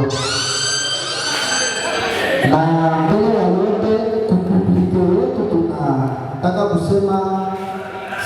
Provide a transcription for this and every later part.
kuchagua na mbele ya yote kutukulikiwetu, tunataka kusema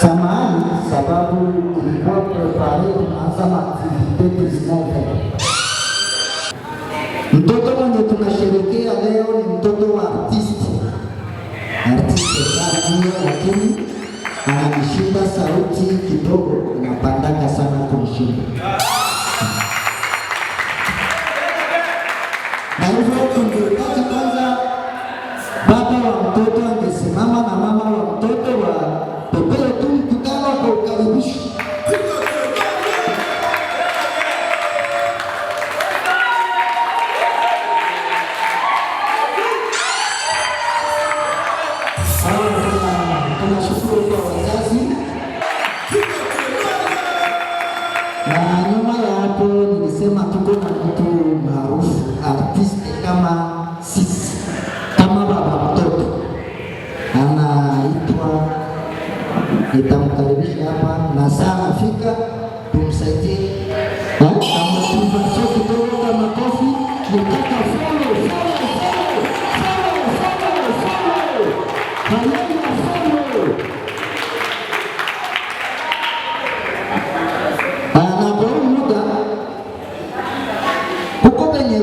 samahani sababu ilikuwa prepare tunasema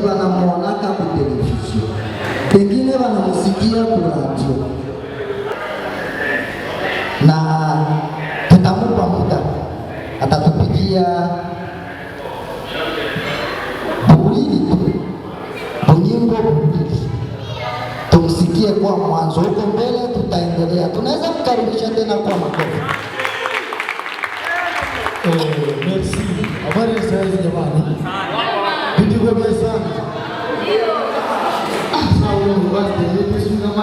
wengi wanamwonaka ku televizio, pengine wanamusikia ku radio, na tutamupa muda atatupigia tu bunyimbo bulili, tumsikie kwa mwanzo. Huko mbele tutaendelea, tunaweza kukaribisha tena kwa makofi. Eh, merci. Habari za jamani. Digo, Deus, saúde, eu gosto dele, isso uma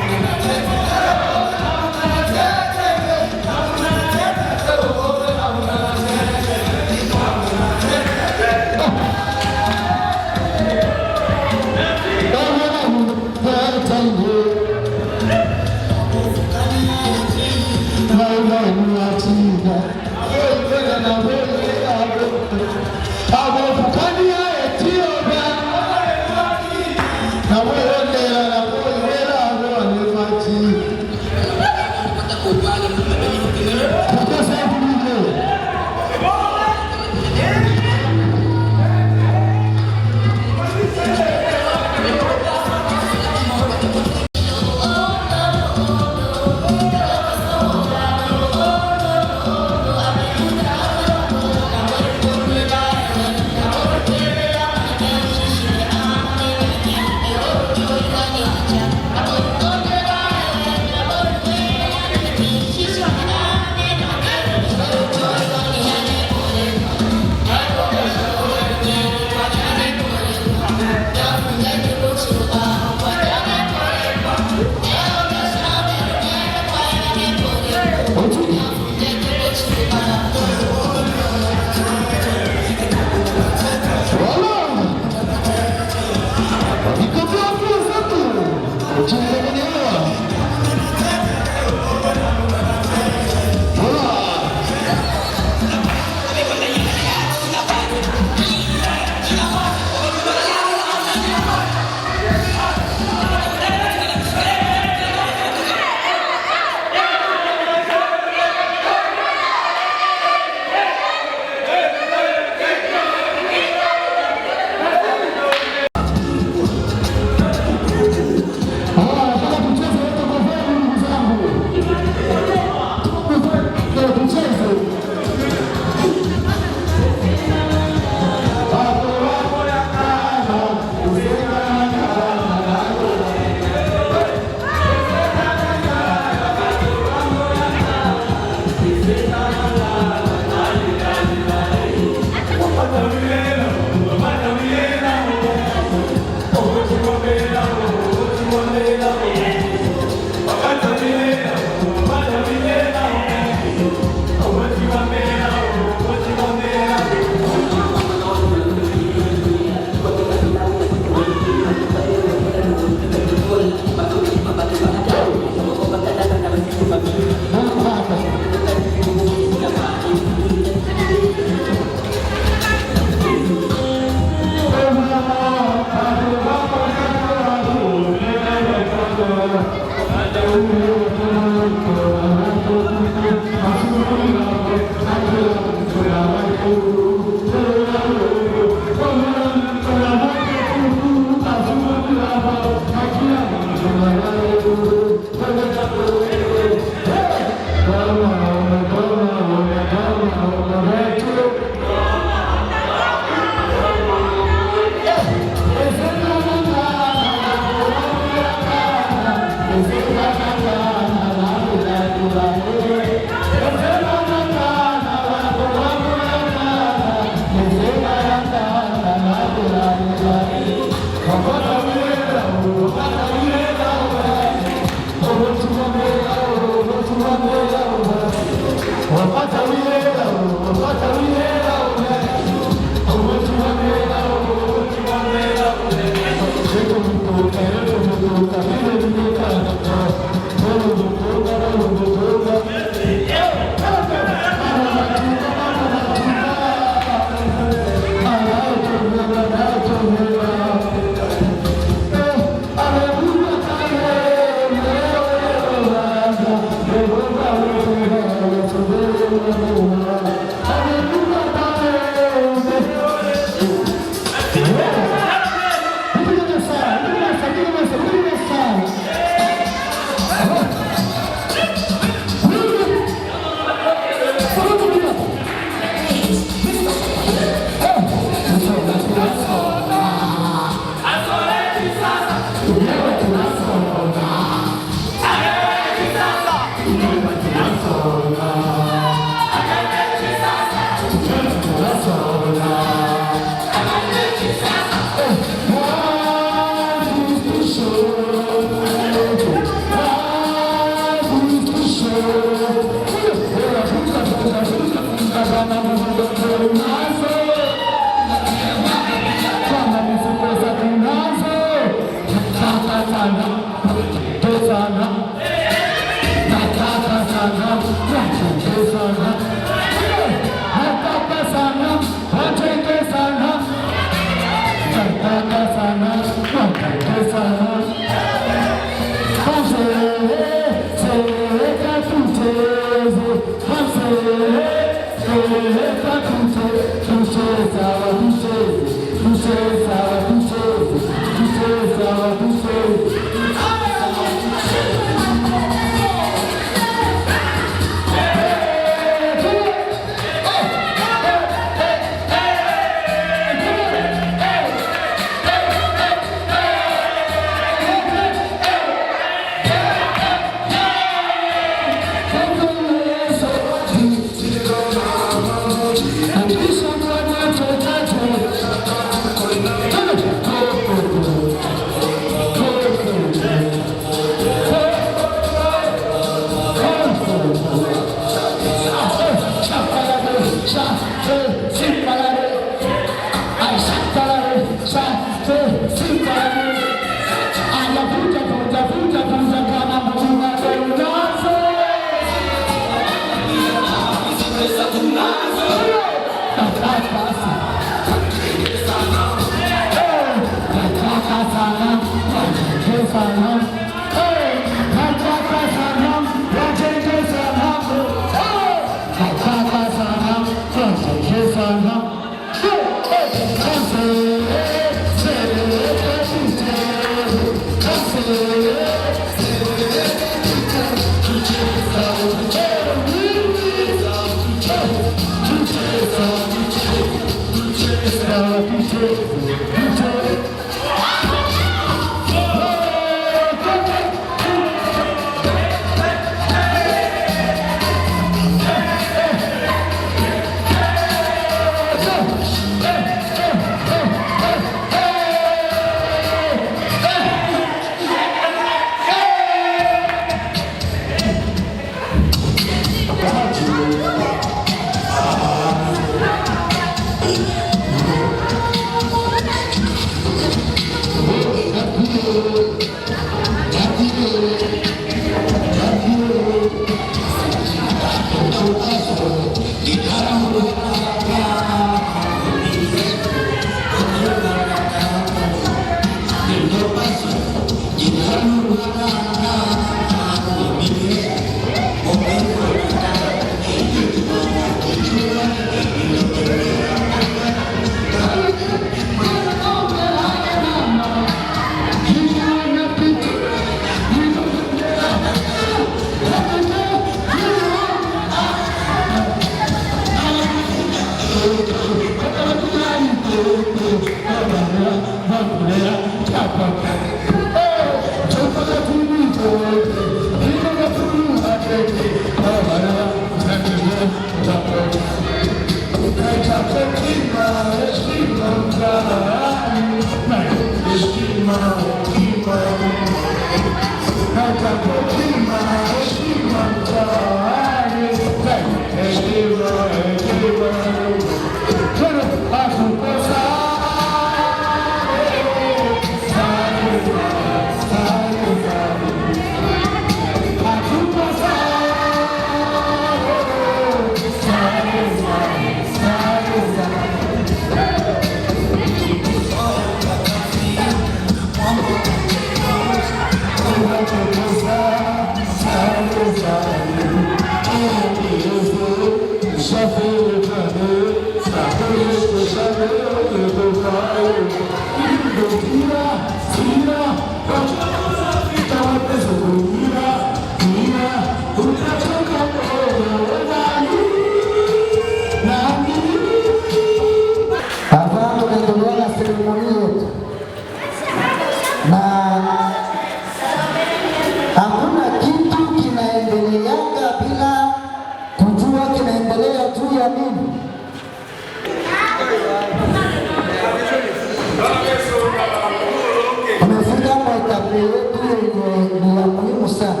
bisa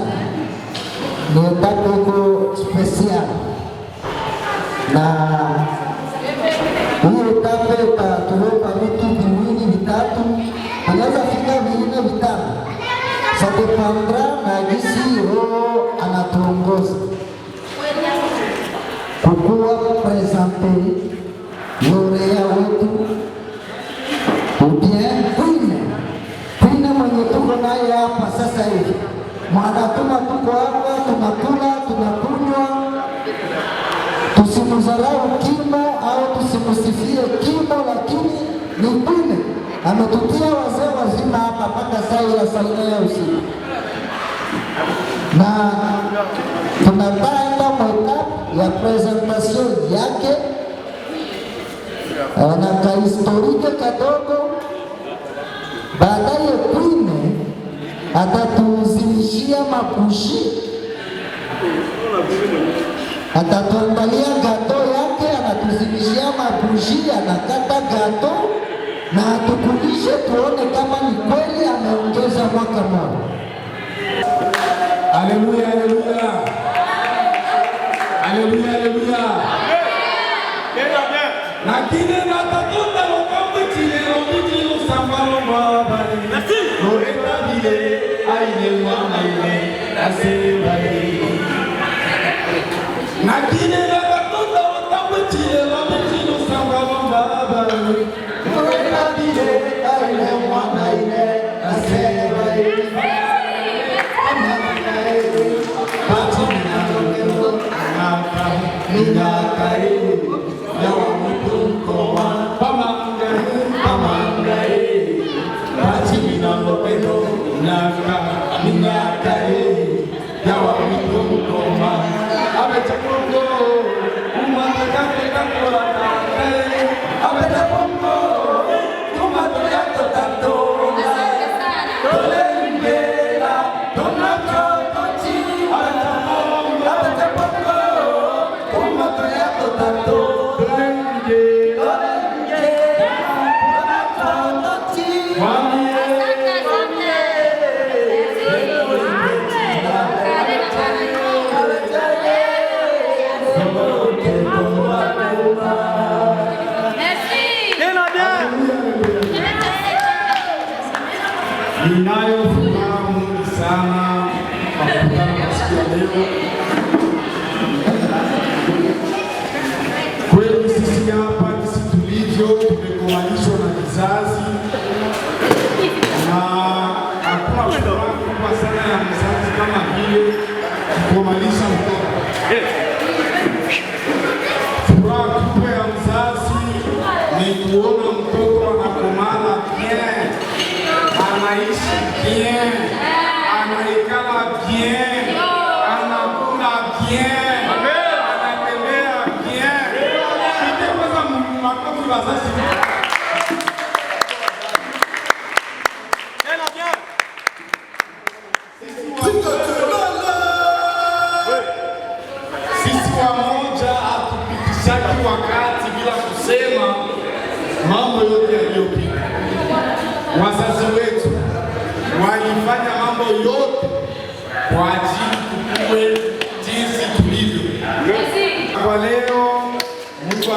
bukan buku spesial na utapeta tulipa vitu viwili vitatu, anaweza fika vingine satu pandra na jinsi Roho anatuongoza kukuwa presente lorea wetu ubien kwine kwine mwenye tuko naye hapa mwanatuma, tuko hapa, tunakula, tunakunywa. Tusimdharau kimo au tusimsifie kimo, lakini ni nipine ametutia wazee wazima hapa mpaka saa ya saa nne ya usiku, na tunapanda mwaka ya presentation yake eh, na kahistorike kadogo baada atatuzimishia makushi, atatuandalia gato yake, anatuzimishia makushi, anakata gato na atukulishe, tuone kama ni kweli ameongeza mwaka mmoja. Haleluya, haleluya, haleluya, haleluya. na kile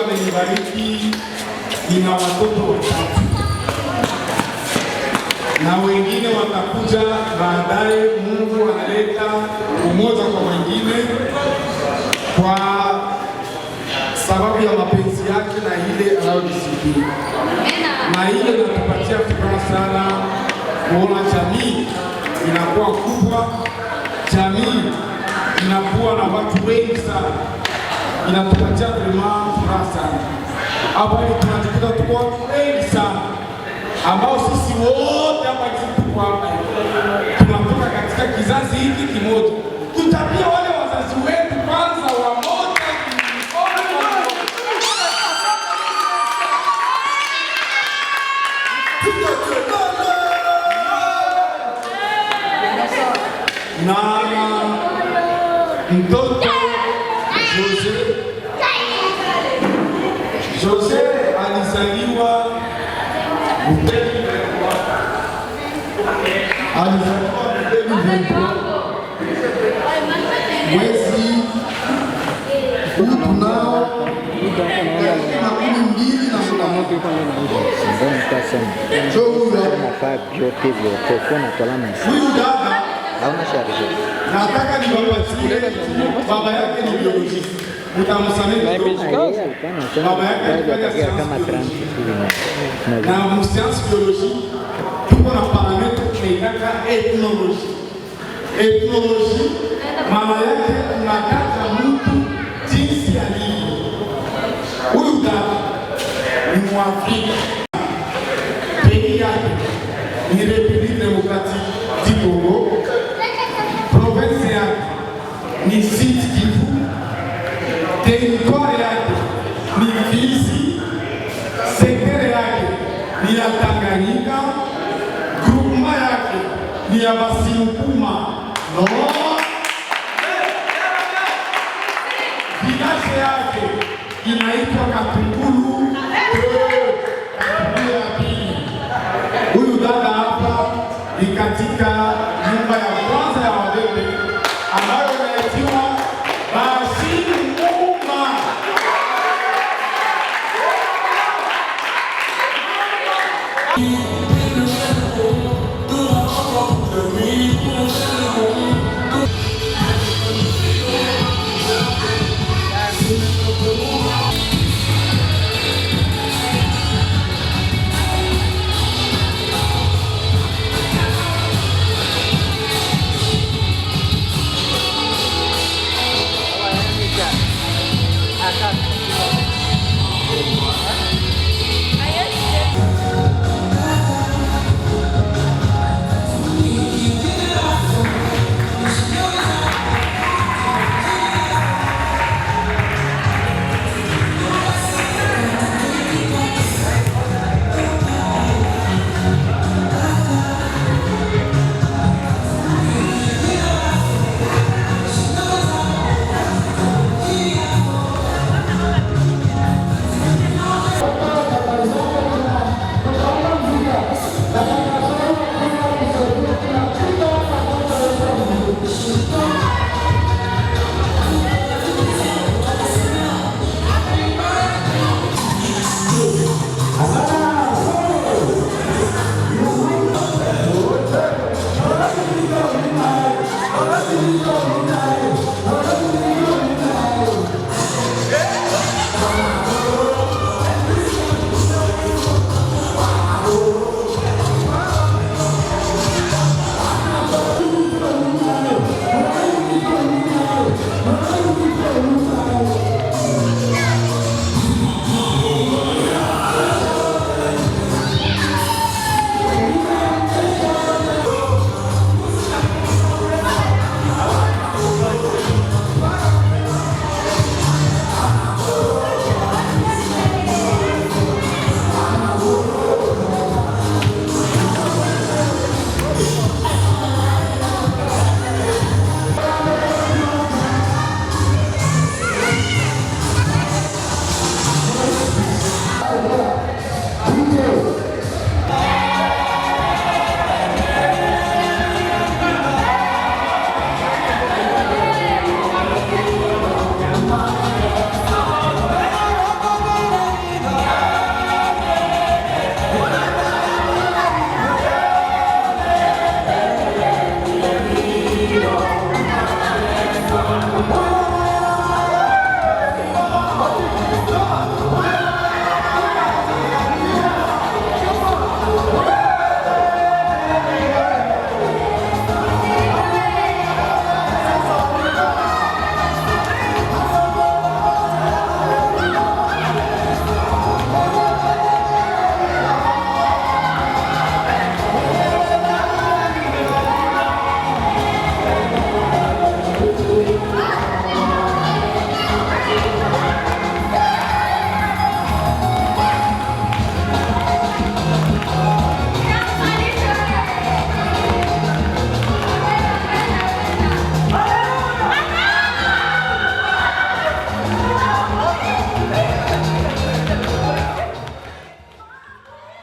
amenibariki, nina watoto watatu na wengine watakuja baadaye. Mungu analeta umoja kwa wengine kwa sababu ya mapenzi yake na ile anayojisikia, na ile natupatia furaha sana kuona jamii inakuwa kubwa, jamii inakuwa na watu wengi sana inatupatia vraiment furaha sana. Hapa tunajikuta tuko watu wengi sana ambao sisi wote hapa tuko hapa tunatoka katika kizazi hiki kimoja. Tutapia wale wazazi wetu kwanza wamoja, na mtoto mwezi huu tunao elfu makumi mbili na huyu dada nataka niwapatie, baba yake ni biolojia, utamsamehe acá não, centro não, não, é, é que acá más trânsito. Na museança de Não, não, na parlamento não, não, etnologia. Etnologia, não, não, não, não, não, alivyo. Huyu dada ni Mwafrika, pekee yake ni Congo ni ya Tanganyika, grupuma yake ni ya Basiukuma Noa, vidace yake inaitwa Katungulu Katungulu ya pili. Huyu dada hapa ni katika